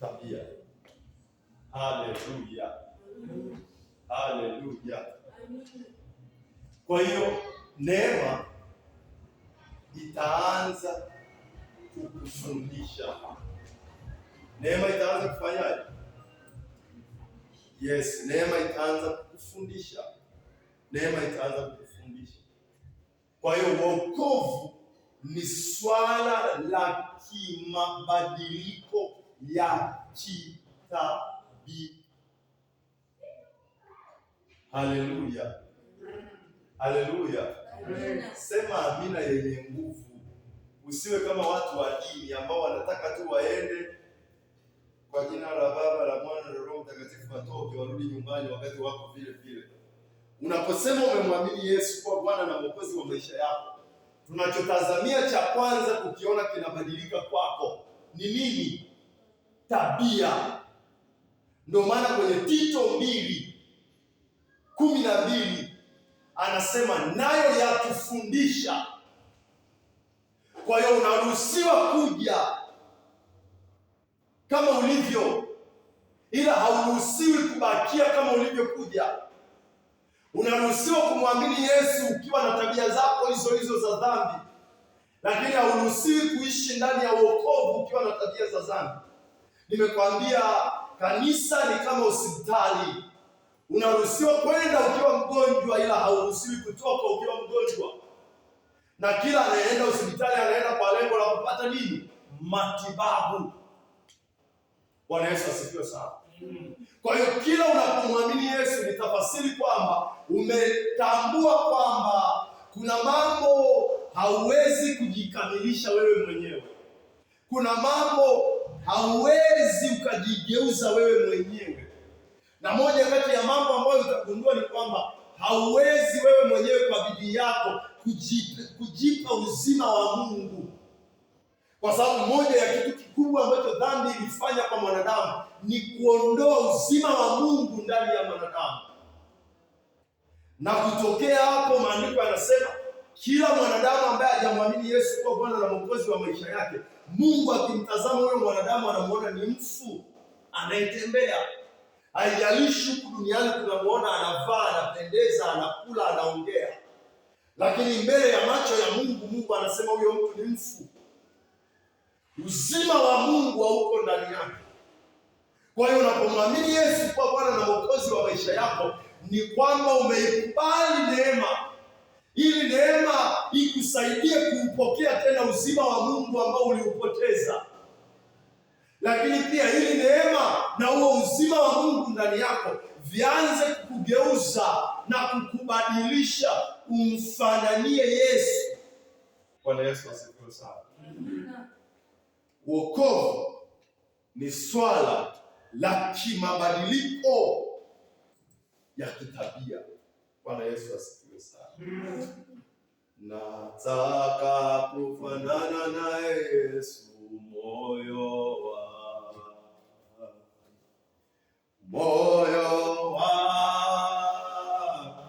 tabia. Haleluya, haleluya. Kwa hiyo neema itaanza kukufundisha, neema itaanza kufanyaje? Yes, neema itaanza kukufundisha, neema itaanza kukufundisha. Kwa hiyo wokovu ni swala la kimabadiliko ya kitabii. Haleluya, haleluya! Sema amina yenye nguvu. Usiwe kama watu wa dini ambao wanataka tu waende kwa jina la Baba la Mwana na Roho Mtakatifu, watoke warudi nyumbani, wakati wako vile vile. Unaposema umemwamini Yesu kuwa Bwana na Mwokozi wa maisha yako, tunachotazamia cha kwanza kukiona kinabadilika kwako ni nini? tabia. Ndio maana kwenye Tito mbili kumi na mbili anasema nayo yatufundisha. Kwa hiyo unaruhusiwa kuja kama ulivyo, ila hauruhusiwi kubakia kama ulivyokuja. Unaruhusiwa kumwamini Yesu ukiwa na tabia zako hizo hizo za dhambi, lakini hauruhusiwi kuishi ndani ya wokovu ukiwa na tabia za dhambi. Nimekwambia kanisa ni kama hospitali. Unaruhusiwa kwenda ukiwa mgonjwa, ila hauruhusiwi kutoka ukiwa mgonjwa, na kila anaenda hospitali anaenda kwa lengo la kupata nini? Matibabu. Bwana Yesu asifiwe sana. Kwa hiyo kila unapomwamini Yesu ni tafasiri kwamba umetambua kwamba kuna mambo hauwezi kujikamilisha wewe mwenyewe, kuna mambo hauwezi ukajigeuza wewe mwenyewe. Na moja kati ya mambo ambayo utagundua ni kwamba hauwezi wewe mwenyewe kwa bidii yako kujipa, kujipa uzima wa Mungu, kwa sababu moja ya kitu kikubwa ambacho dhambi ilifanya kwa mwanadamu ni kuondoa uzima wa Mungu ndani ya mwanadamu, na kutokea hapo maandiko yanasema kila mwanadamu ambaye hajamwamini Yesu kuwa Bwana na Mwokozi wa maisha yake, Mungu akimtazama huyo mwanadamu anamuona ni mfu anayetembea. Haijalishi huku duniani tunamuona anavaa, anapendeza, anakula, anaongea, lakini mbele ya macho ya Mungu, Mungu anasema huyo mtu ni mfu. Uzima wa Mungu hauko ndani yake. Kwa hiyo unapomwamini Yesu kuwa Bwana na Mwokozi wa maisha yako, ni kwamba umeikubali neema ili neema ikusaidie kuupokea tena uzima wa Mungu ambao uliupoteza, lakini pia ili neema na huo uzima wa Mungu ndani yako vianze kukugeuza na kukubadilisha umfananie Yesu. Bwana Yesu asifiwe sana. Wokovu ni swala la kimabadiliko ya kitabia. Bwana Yesu asifiwe. Nataka kufanana na Yesu moyo wangu. Moyo wangu.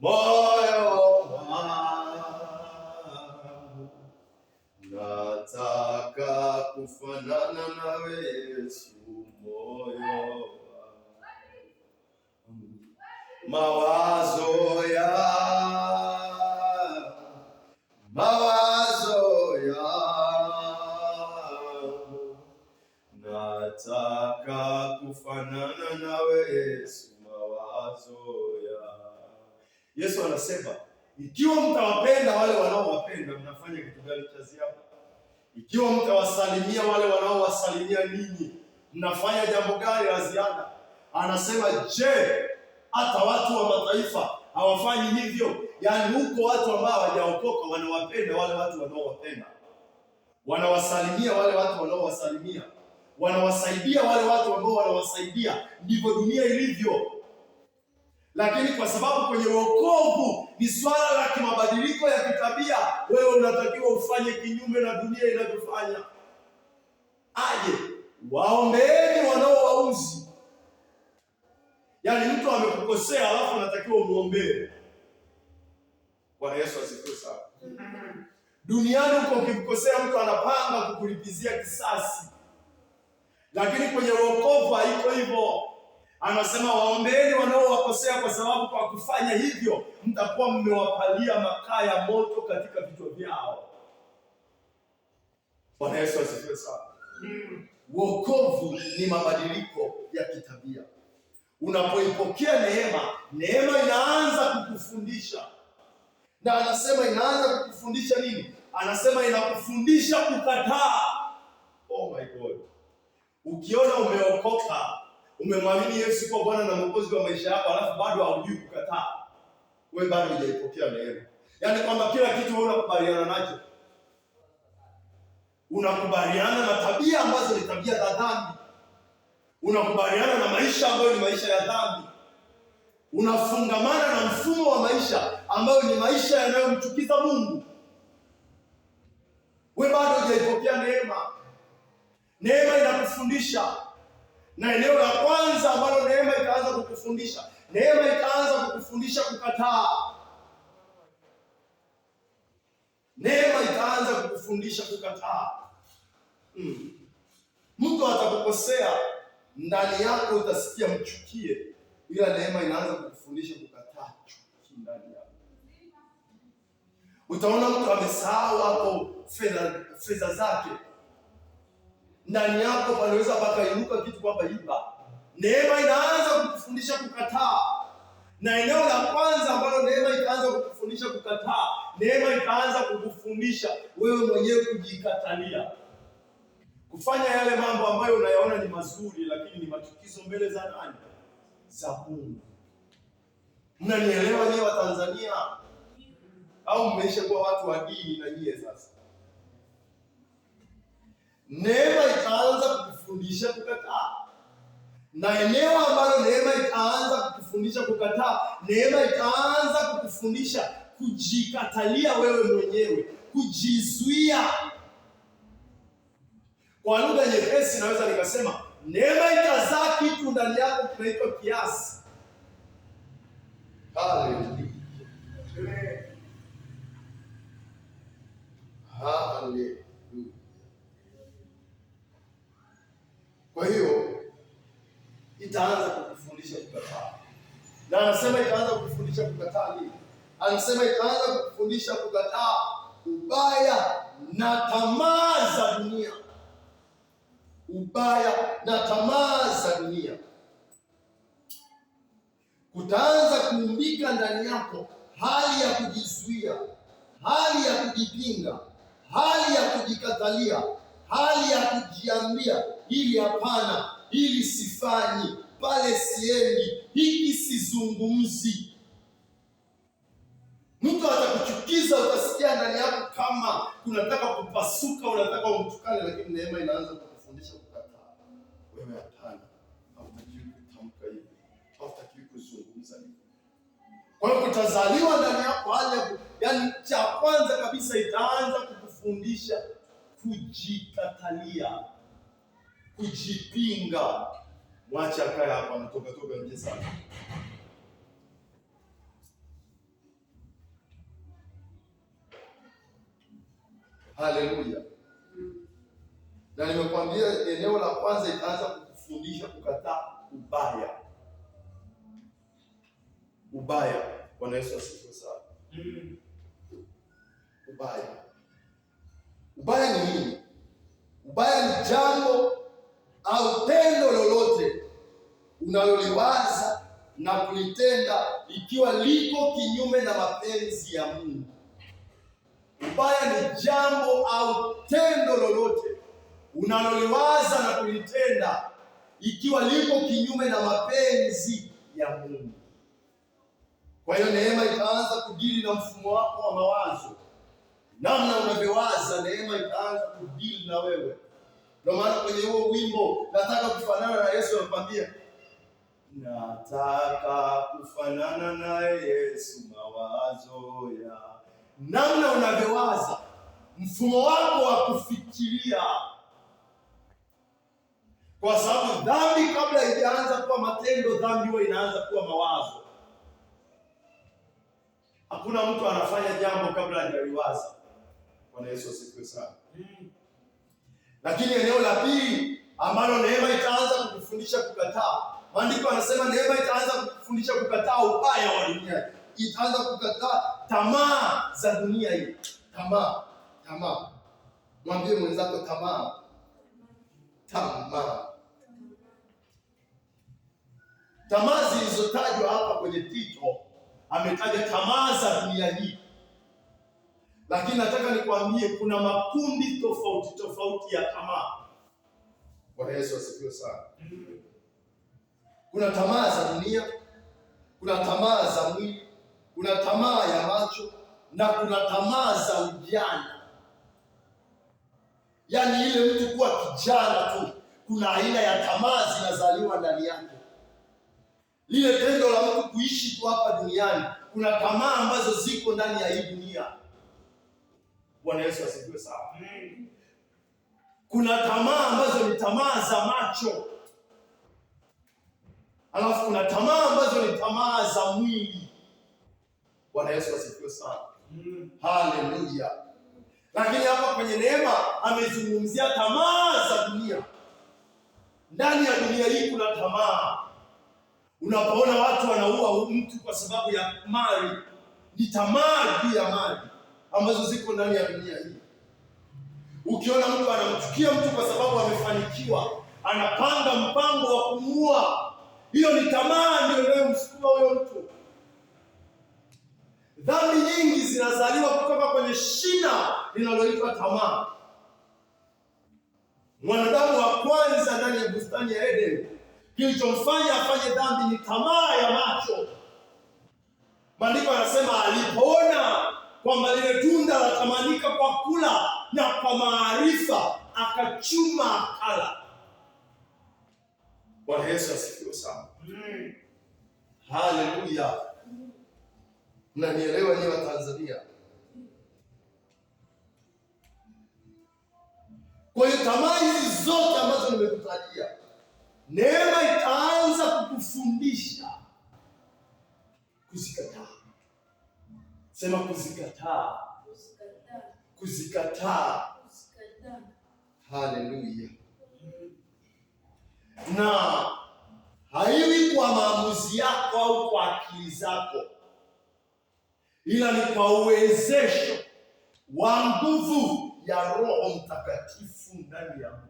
Moyo wangu. Nataka kufanana na Yesu moyo wangu. Mawazo anasema ikiwa mtawapenda wale wanaowapenda, mnafanya kitu gani cha ziada? Ikiwa mtawasalimia wale wanaowasalimia ninyi, mnafanya jambo gani la ziada? Anasema je, hata watu wa mataifa hawafanyi hivyo? Yaani huko watu ambao hawajaokoka wanawapenda wale watu wanaowapenda, wanawasalimia wale watu wanaowasalimia, wanawasaidia wale watu ambao wanawasaidia. Ndivyo dunia ilivyo lakini kwa sababu kwenye wokovu ni swala la kimabadiliko ya kitabia, wewe unatakiwa ufanye kinyume na dunia inavyofanya. Aje, waombeeni wanaowauzi. Yaani mtu amekukosea, alafu unatakiwa umwombee. Bwana Yesu asifiwe sana. Duniani huko ukimkosea mtu anapanga kukulipizia kisasi, lakini kwenye wokovu haiko hivyo. Anasema waombeeni wanaowakosea, kwa sababu kwa kufanya hivyo mtakuwa mmewapalia makaa ya moto katika vichwa vyao. Bwana Yesu asifiwe sana. uokovu Wokovu ni mabadiliko ya kitabia. Unapoipokea neema, neema inaanza kukufundisha, na anasema inaanza kukufundisha nini? Anasema inakufundisha kukataa. Oh my God, ukiona umeokoka Umemwamini Yesu kwa Bwana na Mwokozi wa maisha yako, alafu bado haujui kukataa. Wewe bado hujaipokea neema, yaani kwamba kila kitu wewe unakubaliana nacho, unakubaliana na tabia ambazo ni tabia za dhambi, unakubaliana na maisha ambayo ni maisha ya dhambi, unafungamana na mfumo wa maisha ambayo ni maisha yanayomchukiza Mungu. Wewe bado hujaipokea neema. Neema inakufundisha na eneo la kwanza ambalo neema itaanza kukufundisha, neema itaanza kukufundisha kukataa. Neema ikaanza kukufundisha kukataa. Mm. Mtu atakukosea ndani yako utasikia mchukie, ila neema inaanza kukufundisha kukataa chuki ndani yako. Utaona mtu amesahau hapo fedha fedha zake ndani yako panaweza pakainuka kitu kwamba iba. Neema inaanza kukufundisha kukataa, na eneo la kwanza ambalo neema itaanza kukufundisha kukataa, neema itaanza kukufundisha wewe mwenyewe kujikatalia kufanya yale mambo ambayo unayaona ni mazuri, lakini ni machukizo mbele za nani? Za Mungu. Mnanielewa wa Watanzania, au mmeisha kuwa watu wa dini na nyie sasa neema itaanza kukufundisha kukataa, na eneo ambalo neema itaanza kukufundisha kukataa, neema itaanza kukufundisha kujikatalia wewe mwenyewe, kujizuia. Kwa lugha nyepesi, naweza nikasema neema itazaa kitu ndani yako kinaitwa kiasi. Haleluya. Haleluya. Kwa hiyo itaanza kukufundisha kukataa, na anasema itaanza kukufundisha kukataa nini? Anasema itaanza kukufundisha kukataa ubaya na tamaa za dunia, ubaya na tamaa za dunia. Kutaanza kuumbika ndani yako hali ya kujizuia, hali ya kujipinga, hali ya kujikatalia, hali ya kujiambia hili hapana, hili sifanyi, pale siendi, hiki sizungumzi. Mtu atakuchukiza, utasikia ndani yako kama unataka kupasuka, unataka umtukane, lakini neema inaanza kukufundisha kukataa. Wewe hapana, hautakiwi kutamka hivi, hautakiwi kuzungumza hivi. Kwa hiyo kutazaliwa ndani yako ajabu, yaani cha kwanza kabisa itaanza kukufundisha kujikatalia kujipinga. Mwacha akae hapa, anatoka toka nje sana. Haleluya! Na nimekwambia eneo la kwanza itaanza kukufundisha kukataa ubaya. Ubaya. Bwana Yesu asifiwe sana. Ubaya unaloliwaza na kulitenda ikiwa liko kinyume na mapenzi ya Mungu. Ubaya ni jambo au tendo lolote unaloliwaza na kulitenda ikiwa liko kinyume na mapenzi ya Mungu. Kwa hiyo neema itaanza kudili na mfumo wako wa mawazo, namna unavyowaza, neema itaanza kudili na wewe. Ndio maana kwenye huo wimbo nataka kufanana na Yesu, anakuambia nataka kufanana na Yesu. Mawazo ya namna unavyowaza, mfumo wako wa kufikiria, kwa sababu dhambi kabla haijaanza kuwa matendo, dhambi huwa inaanza kuwa mawazo. Hakuna mtu anafanya jambo kabla hajaliwaza. Bwana Yesu asifiwe sana. Lakini eneo la pili ambalo neema itaanza kukufundisha kukataa Maandiko anasema neema itaanza kufundisha kukataa ubaya wa dunia, itaanza kukataa tamaa za dunia hii. Tamaa, tamaa. Mwambie mwenzako tamaa, tamaa. Tamaa zilizotajwa hapa kwenye Tito, ametaja tamaa za dunia hii, lakini nataka nikwambie kuna makundi tofauti tofauti ya tamaa. Bwana Yesu asifiwe sana. Kuna tamaa za dunia, kuna tamaa za mwili, kuna tamaa ya macho na kuna tamaa za ujana, yaani ile mtu kuwa kijana tu, kuna aina ya tamaa zinazaliwa ndani yake. Lile tendo la mtu kuishi tu hapa duniani, kuna tamaa ambazo ziko ndani ya hii dunia. Bwana Yesu asifiwe sana. Kuna tamaa ambazo ni tamaa za macho Alafu kuna tamaa ambazo ni tamaa za mwili. Bwana Yesu asifiwe sana. Mm. Haleluya. Lakini hapa kwenye neema amezungumzia tamaa za dunia. Ndani ya dunia hii kuna tamaa. Unapoona watu wanaua mtu kwa sababu ya mali, ni tamaa juu ya mali ambazo ziko ndani ya dunia hii. Ukiona mtu anamchukia mtu kwa sababu amefanikiwa, anapanga mpango wa kumuua hiyo ni tamaa ndio inayomsukuma huyo mtu. Dhambi nyingi zinazaliwa kutoka kwenye shina linaloitwa tamaa. Mwanadamu wa kwanza ndani ya bustani ya Eden, kilichomfanya afanye dhambi ni tamaa ya macho. Maandiko yanasema alipoona kwamba lile tunda latamanika kwa kula na kwa maarifa, akachuma akala. Bwana Yesu Haleluya, mnanielewa nyinyi wa Tanzania? Kwa hiyo tamaa hizi zote ambazo nimekutajia, neema itaanza kukufundisha kuzikataa. Sema kuzikataa, kuzikataa. Haleluya na maamuzi yako au kwa akili zako, ila ni kwa uwezesho wa nguvu ya Roho Mtakatifu ndani ya mtu.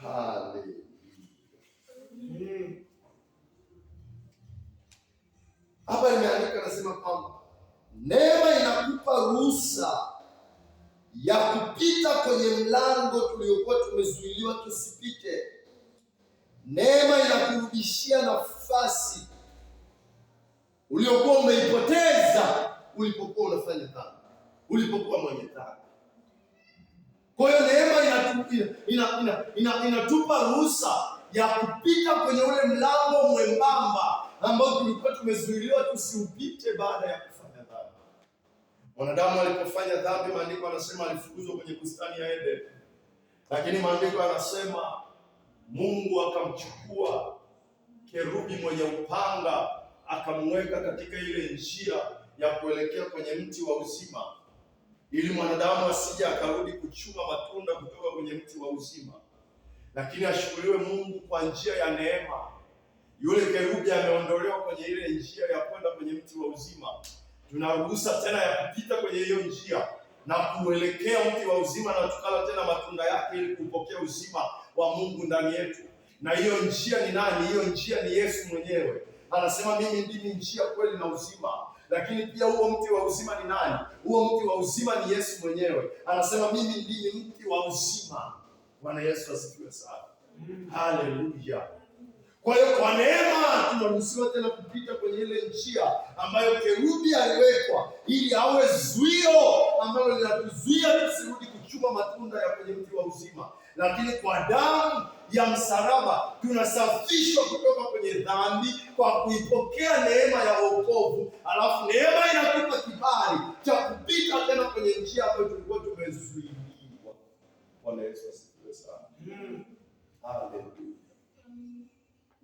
Haleluya! Hapa imeandika nasema kwamba neema inakupa ruhusa ya kupita kwenye mlango tuliokuwa tumezuiliwa tusipite. Neema inakurudishia nafasi uliokuwa umeipoteza ulipokuwa unafanya dhambi, ulipokuwa mwenye dhambi. Kwa hiyo neema inatupa ina, ina, ina, ina ruhusa ya kupita kwenye ule mlango mwembamba ambao tulikuwa tumezuiliwa tusiupite baada ya kufanya dhambi. Mwanadamu alipofanya dhambi, maandiko anasema alifukuzwa kwenye bustani ya Eden, lakini maandiko anasema Mungu akamchukua kerubi mwenye upanga akamweka katika ile njia ya kuelekea kwenye mti wa uzima, ili mwanadamu asije akarudi kuchuma matunda kutoka kwenye mti wa uzima, lakini ashukuriwe Mungu kwa njia ya neema. Yule kerubi ameondolewa kwenye ile njia ya kwenda kwenye mti wa uzima, tuna tena ya kupita kwenye hiyo njia na kuelekea mti wa uzima na tukala tena matunda yake ili kupokea uzima wa Mungu ndani yetu, na hiyo njia ni nani? Hiyo njia ni Yesu mwenyewe. Anasema mimi ndimi njia, kweli na uzima. Lakini pia huo mti wa uzima ni nani? Huo mti wa uzima ni Yesu mwenyewe. Anasema mimi ndimi mti wa uzima. Bwana Yesu asifiwe sana, haleluya. Kwa hiyo kwa neema tunaruhusiwa tena kupita kwenye ile njia ambayo Kerudi aliwekwa ili awe zuio ambalo linatuzuia tusirudi kuchuma matunda ya kwenye mti wa uzima lakini kwa damu ya msalaba tunasafishwa kutoka kwenye dhambi kwa kuipokea neema ya wokovu, alafu neema inatupa kibali cha kupita tena kwenye njia ambayo tulikuwa tumezuiliwa. Bwana Yesu asifiwe sana. Hmm. Haleluya.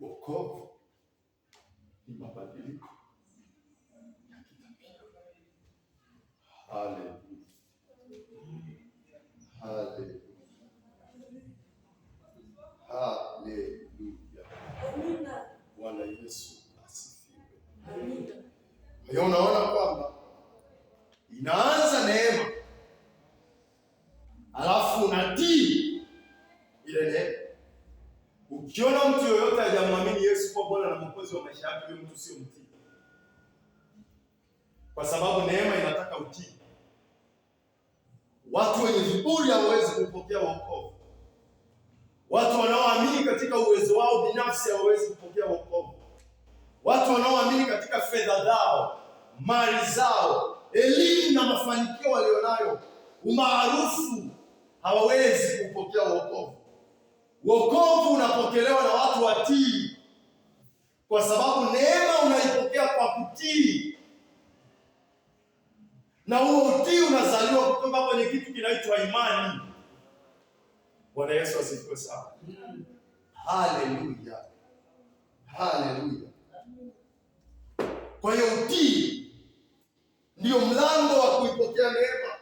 Wokovu ni mabadiliko ya kitabia. kwa sababu neema inataka utii. Watu wenye kiburi hawawezi kupokea wokovu. Watu wanaoamini katika uwezo wao binafsi hawawezi kupokea wokovu. Watu wanaoamini katika fedha zao, mali zao, elimu na mafanikio walionayo, umaarufu, hawawezi kupokea wokovu. Wokovu unapokelewa na watu watii, kwa sababu neema unaipokea kwa kutii na huo utii unazaliwa kutoka kwenye kitu kinaitwa imani. Bwana Yesu asifiwe sana. Haleluya, haleluya. Kwa hiyo utii ndio mlango wa kuipokea neema,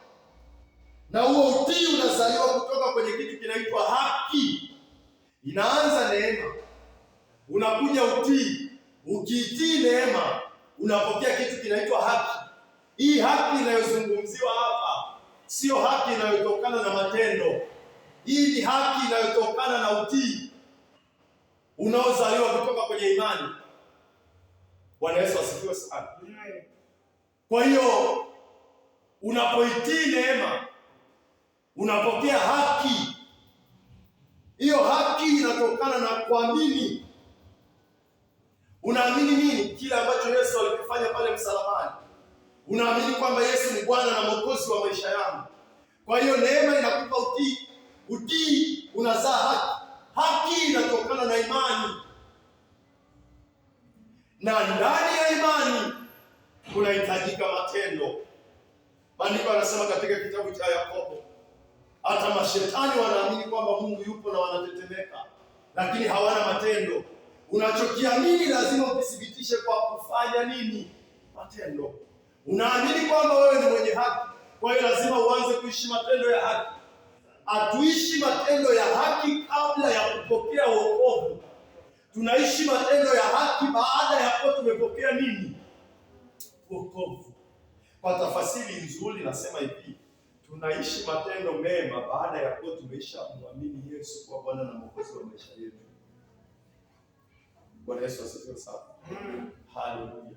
na huo utii unazaliwa kutoka kwenye kitu kinaitwa haki. Inaanza neema, unakuja utii. Ukiitii neema unapokea kitu kinaitwa haki. Hii haki inayozungumziwa hapa siyo haki inayotokana na matendo. Hii ni haki inayotokana na utii unaozaliwa kutoka kwenye imani. Bwana Yesu asifiwe sana. Kwa hiyo unapoitii neema unapokea haki. Hiyo haki inatokana na kuamini. Unaamini nini? Kile ambacho Yesu alikifanya pale msalabani unaamini kwamba Yesu ni Bwana na Mwokozi wa maisha yangu. Kwa hiyo neema inakupa utii, utii unazaa haki, haki inatokana na imani, na ndani ya imani kunahitajika matendo. Maandiko anasema katika kitabu cha Yakobo, hata mashetani wanaamini kwamba Mungu yupo na wanatetemeka, lakini hawana matendo. Unachokiamini lazima ukithibitishe kwa kufanya nini? Matendo. Unaamini kwamba wewe ni mwenye haki, kwa hiyo lazima uanze kuishi matendo ya haki. Hatuishi matendo ya haki kabla ya kupokea wokovu, tunaishi matendo ya haki baada ya kuwa tumepokea nini? Wokovu. Kwa tafasiri nzuri nasema hivi, tunaishi matendo mema baada ya kuwa tumeisha mwamini Yesu kwa Bwana na Mwokozi wa maisha yetu. Bwana Yesu asifiwe sana. Haleluya.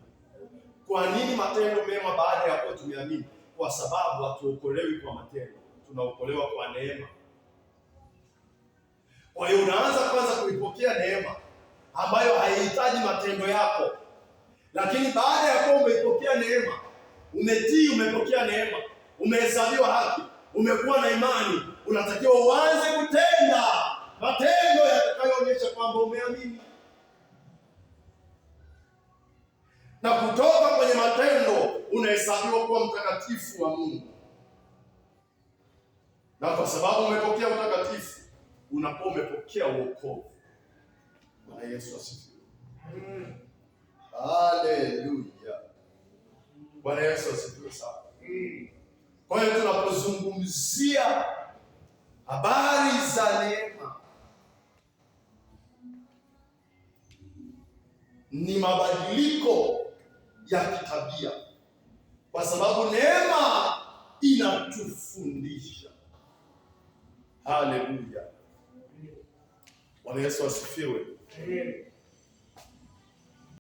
Kwa nini matendo mema baada ya kuwa tumeamini? Kwa sababu hatuokolewi kwa matendo, tunaokolewa kwa neema. Kwa hiyo unaanza kwanza kuipokea neema ambayo haihitaji matendo yako, lakini baada ya kuwa umeipokea neema, umetii, umepokea neema, umehesabiwa haki, umekuwa na imani, unatakiwa uanze kutenda matendo yatakayoonyesha kwamba umeamini. na kutoka kwenye matendo unahesabiwa kuwa mtakatifu wa Mungu, na kwa sababu umepokea utakatifu unakuwa umepokea wokovu. Bwana Yesu asifiwe. Mm. Haleluya. Bwana Yesu asifiwe sana. Mm. Kwa hiyo tunapozungumzia habari za neema ni mabadiliko ya kitabia, kwa sababu neema inatufundisha. Haleluya! Bwana Yesu asifiwe.